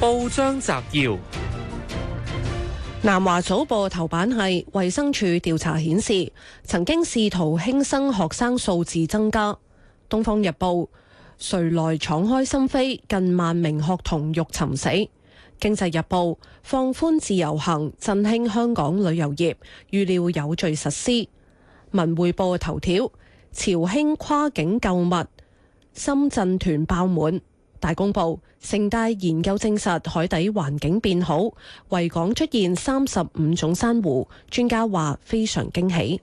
報章摘要：南華早報頭版係衛生署調查顯示，曾經試圖輕生學生數字增加。東方日報：誰來敞開心扉？近萬名學童欲尋死。經濟日報：放寬自由行，振興香港旅遊業，預料有序實施。文匯報頭條：潮興跨境購物，深圳團爆滿。大公報，盛大研究證實海底環境變好，維港出現三十五種珊瑚，專家話非常驚喜。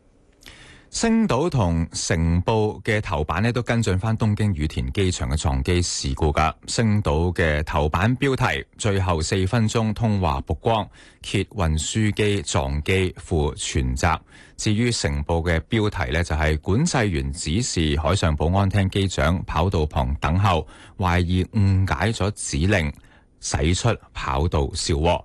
星島同成報嘅頭版咧都跟進翻東京羽田機場嘅撞機事故噶。星島嘅頭版標題：最後四分鐘通話曝光，揭運輸機撞機負全責。至於成報嘅標題呢就係、是、管制員指示海上保安廳機長跑道旁等候，懷疑誤解咗指令，駛出跑道肇禍。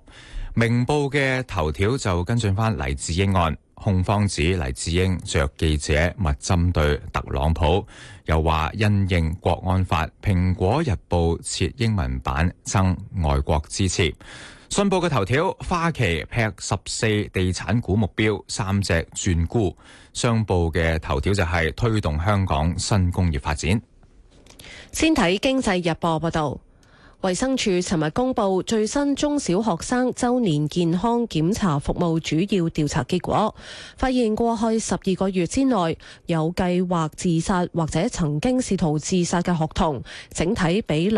明報嘅頭條就跟進翻黎智英案。控方指黎智英着記者勿針對特朗普，又話因應國安法，蘋果日報設英文版爭外國支持。信報嘅頭條，花旗劈十四地產股，目標三隻轉沽。商報嘅頭條就係推動香港新工業發展。先睇經濟日報報道。衛生署尋日公布最新中小學生周年健康檢查服務主要調查結果，發現過去十二個月之內有計劃自殺或者曾經試圖自殺嘅學童，整體比率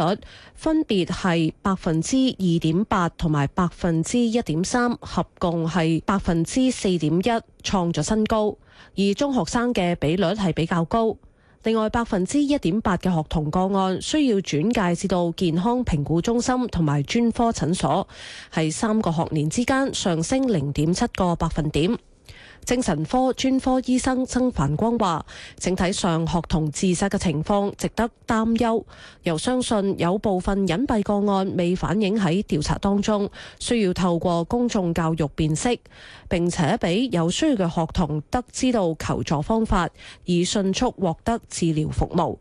分別係百分之二點八同埋百分之一點三，合共係百分之四點一，創咗新高。而中學生嘅比率係比較高。另外，百分之一點八嘅學童個案需要轉介至到健康評估中心同埋專科診所，喺三個學年之間上升零點七個百分點。精神科專科醫生曾凡光話，整體上學童自殺嘅情況值得擔憂，又相信有部分隱蔽個案未反映喺調查當中，需要透過公眾教育辨識，並且俾有需要嘅學童得知道求助方法，以迅速獲得治療服務。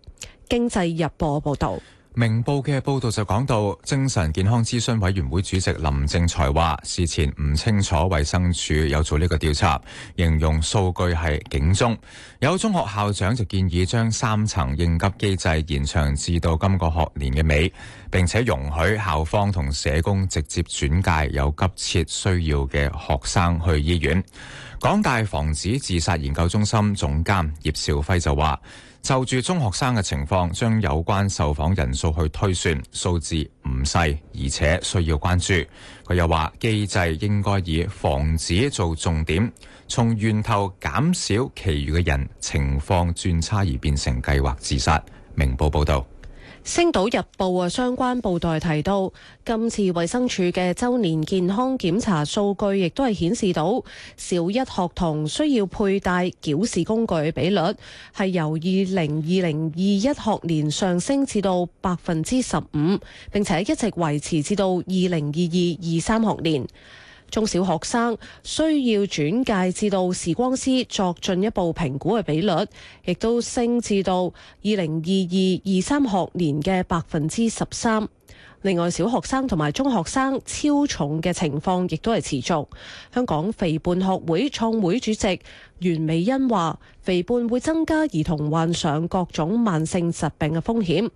經濟日報報道。明報嘅報道就講到，精神健康諮詢委員會主席林正財話，事前唔清楚衛生署有做呢個調查，形容數據係警鐘。有中學校長就建議將三層應急機制延長至到今個學年嘅尾，並且容許校方同社工直接轉介有急切需要嘅學生去醫院。港大防止自殺研究中心總監葉兆輝就話：就住中學生嘅情況，將有關受訪人數去推算，數字唔細，而且需要關注。佢又話，機制應該以防止做重點，從源頭減少其餘嘅人，情況轉差而變成計劃自殺。明報報道。《星島日報》啊，相關報導提到，今次衛生署嘅周年健康檢查數據，亦都係顯示到小一學童需要佩戴矯視工具比率，係由二零二零二一學年上升至到百分之十五，並且一直維持至到二零二二二三學年。中小學生需要轉介至到視光師作進一步評估嘅比率，亦都升至到二零二二、二三學年嘅百分之十三。另外，小學生同埋中學生超重嘅情況亦都係持續。香港肥胖學會創會主席袁美欣話，肥胖會增加兒童患上各種慢性疾病嘅風險，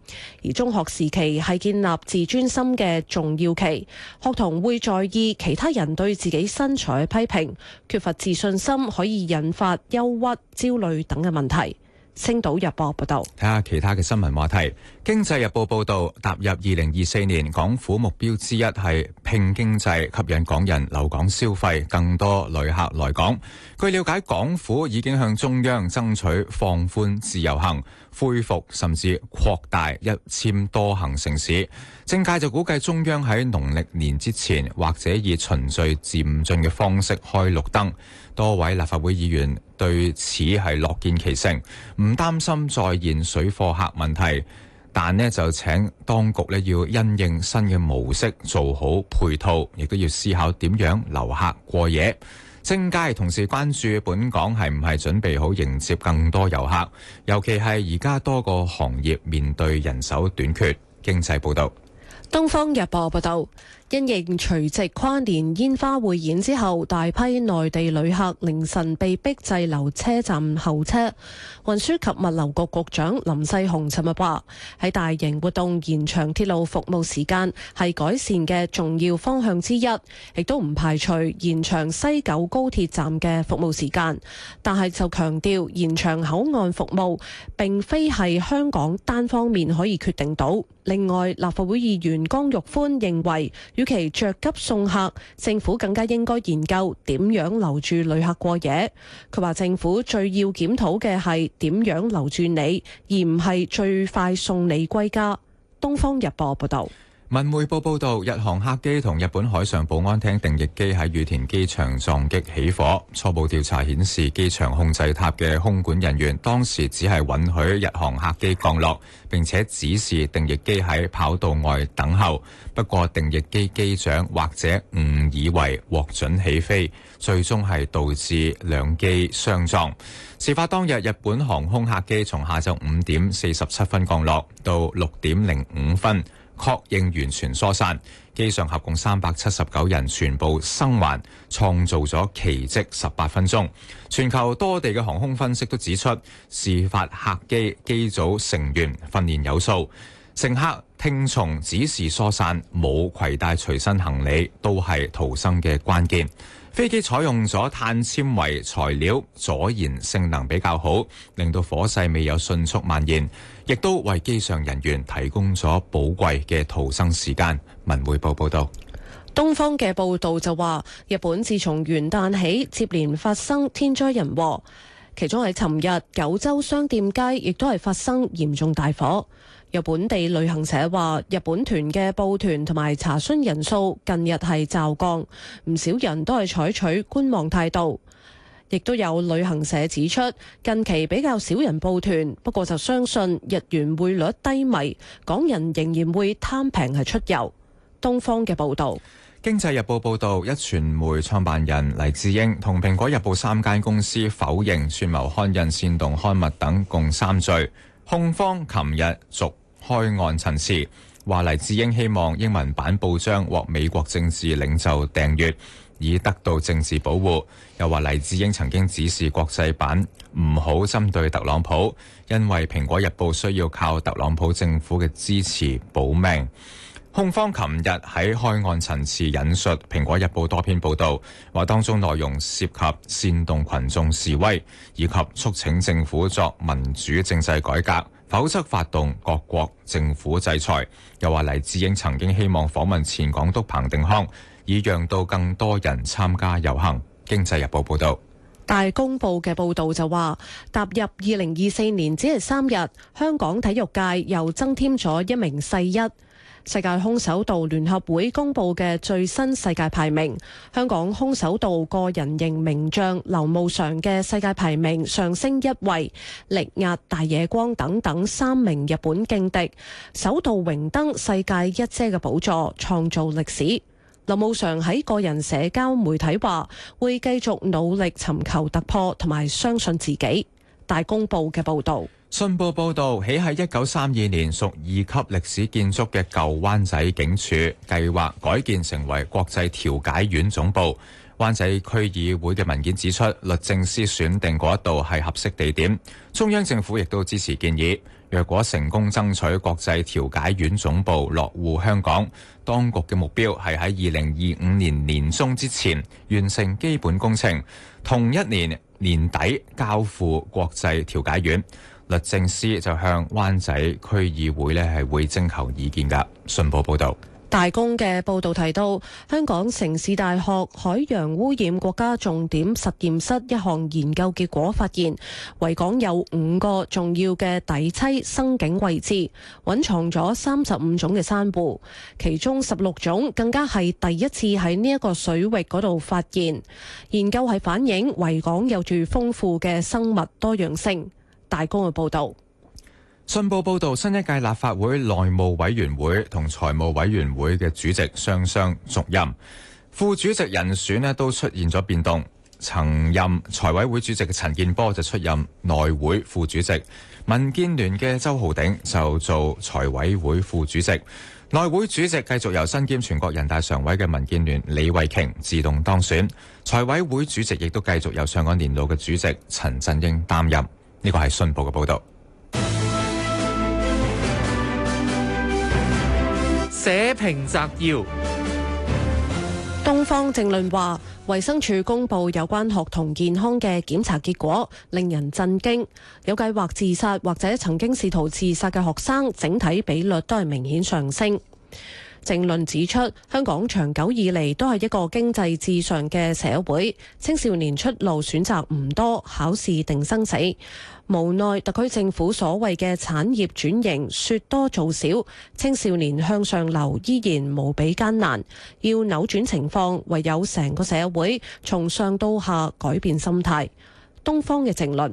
而中學時期係建立自尊心嘅重要期，學童會在意其他人對自己身材嘅批評，缺乏自信心可以引發憂鬱、焦慮等嘅問題。星島日報報道，睇下其他嘅新聞話題。經濟日報報道，踏入二零二四年，港府目標之一係，拼經濟，吸引港人留港消費，更多旅客來港。據了解，港府已經向中央爭取放寬自由行、恢復甚至擴大一簽多行城市。政界就估計中央喺農曆年之前或者以循序漸進嘅方式開綠燈。多位立法會議員對此係樂見其成，唔擔心再現水貨客問題。但呢就請當局呢要因應新嘅模式做好配套，亦都要思考點樣留客過夜。正佳同時關注本港係唔係準備好迎接更多遊客，尤其係而家多個行業面對人手短缺。經濟報道。東方日報報道，因應除夕跨年煙花匯演之後，大批內地旅客凌晨被逼滯留車站候車，運輸及物流局局長林世雄尋日話：喺大型活動延長鐵路服務時間係改善嘅重要方向之一，亦都唔排除延長西九高鐵站嘅服務時間，但係就強調延長口岸服務並非係香港單方面可以決定到。另外，立法會議員江玉歡認為與其着急送客，政府更加應該研究點樣留住旅客過夜。佢話政府最要檢討嘅係點樣留住你，而唔係最快送你歸家。《東方日報》報道。文匯報報道，日航客機同日本海上保安廳定翼機喺羽田機場撞擊起火。初步調查顯示，機場控制塔嘅空管人員當時只係允許日航客機降落，並且指示定翼機喺跑道外等候。不過，定翼機機長或者誤以為獲准起飛，最終係導致兩機相撞。事發當日，日本航空客機從下晝五點四十七分降落，到六點零五分。確認完全疏散，機上合共三百七十九人全部生還，創造咗奇蹟十八分鐘。全球多地嘅航空分析都指出，事發客機機組成員訓練有素，乘客聽從指示疏散，冇攜帶隨身行李都係逃生嘅關鍵。飛機採用咗碳纖維材料，阻燃性能比較好，令到火勢未有迅速蔓延，亦都為機上人員提供咗寶貴嘅逃生時間。文匯報報道，東方嘅報道就話，日本自從元旦起接連發生天災人禍，其中喺尋日九州商店街亦都係發生嚴重大火。有本地旅行社話日本團嘅報團同埋查詢人數近日係驟降，唔少人都係採取觀望態度。亦都有旅行社指出，近期比較少人報團，不過就相信日元匯率低迷，港人仍然會貪平係出遊。東方嘅報道，經濟日報報道，一傳媒創辦人黎智英同《蘋果日報》三間公司否認串謀刊印、煽動刊物等共三罪。控方琴日續開案陳詞，話黎智英希望英文版報章獲美國政治領袖訂閱，以得到政治保護。又話黎智英曾經指示國際版唔好針對特朗普，因為《蘋果日報》需要靠特朗普政府嘅支持保命。控方琴日喺開案陳詞引述《蘋果日報》多篇報道，話當中內容涉及煽動群眾示威，以及促請政府作民主政制改革，否則發動各國政府制裁。又話黎智英曾經希望訪問前港督彭定康，以讓到更多人參加遊行。《經濟日報》報道，大公報嘅報道就話，踏入二零二四年只係三日，香港體育界又增添咗一名世一。世界空手道聯合會公布嘅最新世界排名，香港空手道個人型名將劉慕裳嘅世界排名上升一位，力壓大野光等等三名日本勁敵，首度榮登世界一姐嘅寶座，創造歷史。劉慕裳喺個人社交媒體話會繼續努力尋求突破，同埋相信自己。大公報嘅報道。信報報道，起喺一九三二年屬二級歷史建築嘅舊灣仔警署，計劃改建成為國際調解院總部。灣仔區議會嘅文件指出，律政司選定嗰度係合適地點。中央政府亦都支持建議。若果成功爭取國際調解院總部落戶香港，當局嘅目標係喺二零二五年年中之前完成基本工程，同一年年底交付國際調解院。律政司就向灣仔區議會咧係會徵求意見噶。信報報道，大公嘅報道提到，香港城市大學海洋污染國家重點實驗室一項研究結果發現，維港有五個重要嘅底棲生境位置，蘊藏咗三十五種嘅珊瑚，其中十六種更加係第一次喺呢一個水域嗰度發現。研究係反映維港有住豐富嘅生物多樣性。大公嘅報道，信報報道，新一屆立法會內務委員會同財務委員會嘅主席雙雙續任，副主席人選呢都出現咗變動。曾任財委會主席嘅陳建波就出任內會副主席，民建聯嘅周浩鼎就做財委會副主席。內會主席繼續由身兼全國人大常委嘅民建聯李慧瓊自動當選，財委會主席亦都繼續由上個年度嘅主席陳振英擔任。呢個係信報嘅報道。社評摘要：東方正論話，衛生署公布有關學童健康嘅檢查結果，令人震驚。有計劃自殺或者曾經試圖自殺嘅學生，整體比率都係明顯上升。政論指出，香港長久以來都係一個經濟至上嘅社會，青少年出路選擇唔多，考試定生死。無奈特區政府所謂嘅產業轉型說多做少，青少年向上流依然無比艱難。要扭轉情況，唯有成個社會從上到下改變心態。東方嘅政論。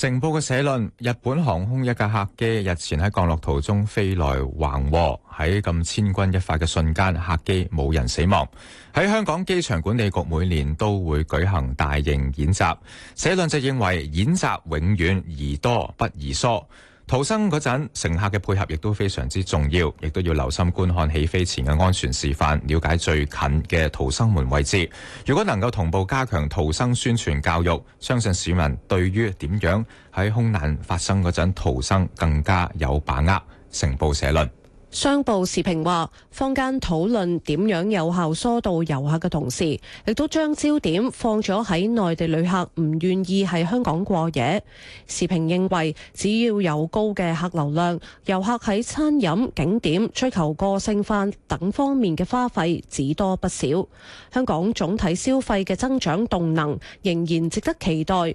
成報嘅社論：日本航空一架客機日前喺降落途中飛來橫禍，喺咁千鈞一髮嘅瞬間，客機冇人死亡。喺香港機場管理局每年都會舉行大型演習，社論就認為演習永遠宜多不宜疏。逃生嗰陣，乘客嘅配合亦都非常之重要，亦都要留心觀看起飛前嘅安全示範，了解最近嘅逃生門位置。如果能夠同步加強逃生宣傳教育，相信市民對於點樣喺空難發生嗰陣逃生更加有把握。成報社論。商報時評話，坊間討論點樣有效疏導遊客嘅同時，亦都將焦點放咗喺內地旅客唔願意喺香港過夜。時評認為，只要有高嘅客流量，遊客喺餐飲、景點、追求個性化等方面嘅花費只多不少。香港總體消費嘅增長動能仍然值得期待。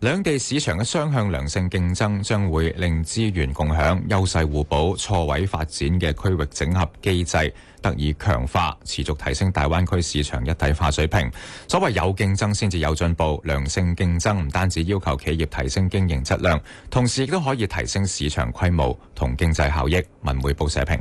兩地市場嘅雙向良性競爭，將會令資源共享、優勢互補、錯位發展嘅區域整合機制得以強化，持續提升大灣區市場一體化水平。所謂有競爭先至有進步，良性競爭唔單止要求企業提升經營質量，同時亦都可以提升市場規模同經濟效益。文匯報社評。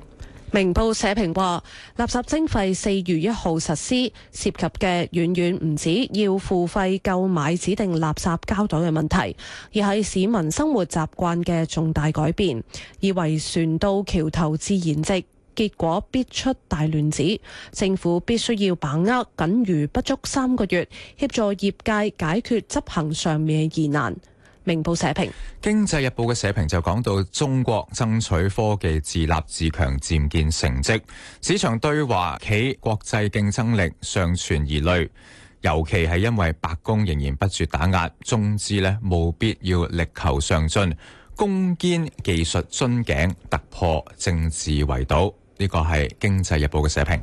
明報社評話，垃圾徵費四月一號實施，涉及嘅遠遠唔止要付費購買指定垃圾膠袋嘅問題，而係市民生活習慣嘅重大改變。以為船到橋頭自然直，結果必出大亂子。政府必須要把握僅餘不足三個月，協助業界解決執行上面嘅疑難。明報社評，《經濟日報》嘅社評就講到中國爭取科技自立自強漸見成績，市場對華企國際競爭力尚存疑慮，尤其係因為白宮仍然不絕打壓，中資呢務必要力求上進，攻堅技術樽頸突破政治圍堵。呢個係《經濟日報》嘅社評。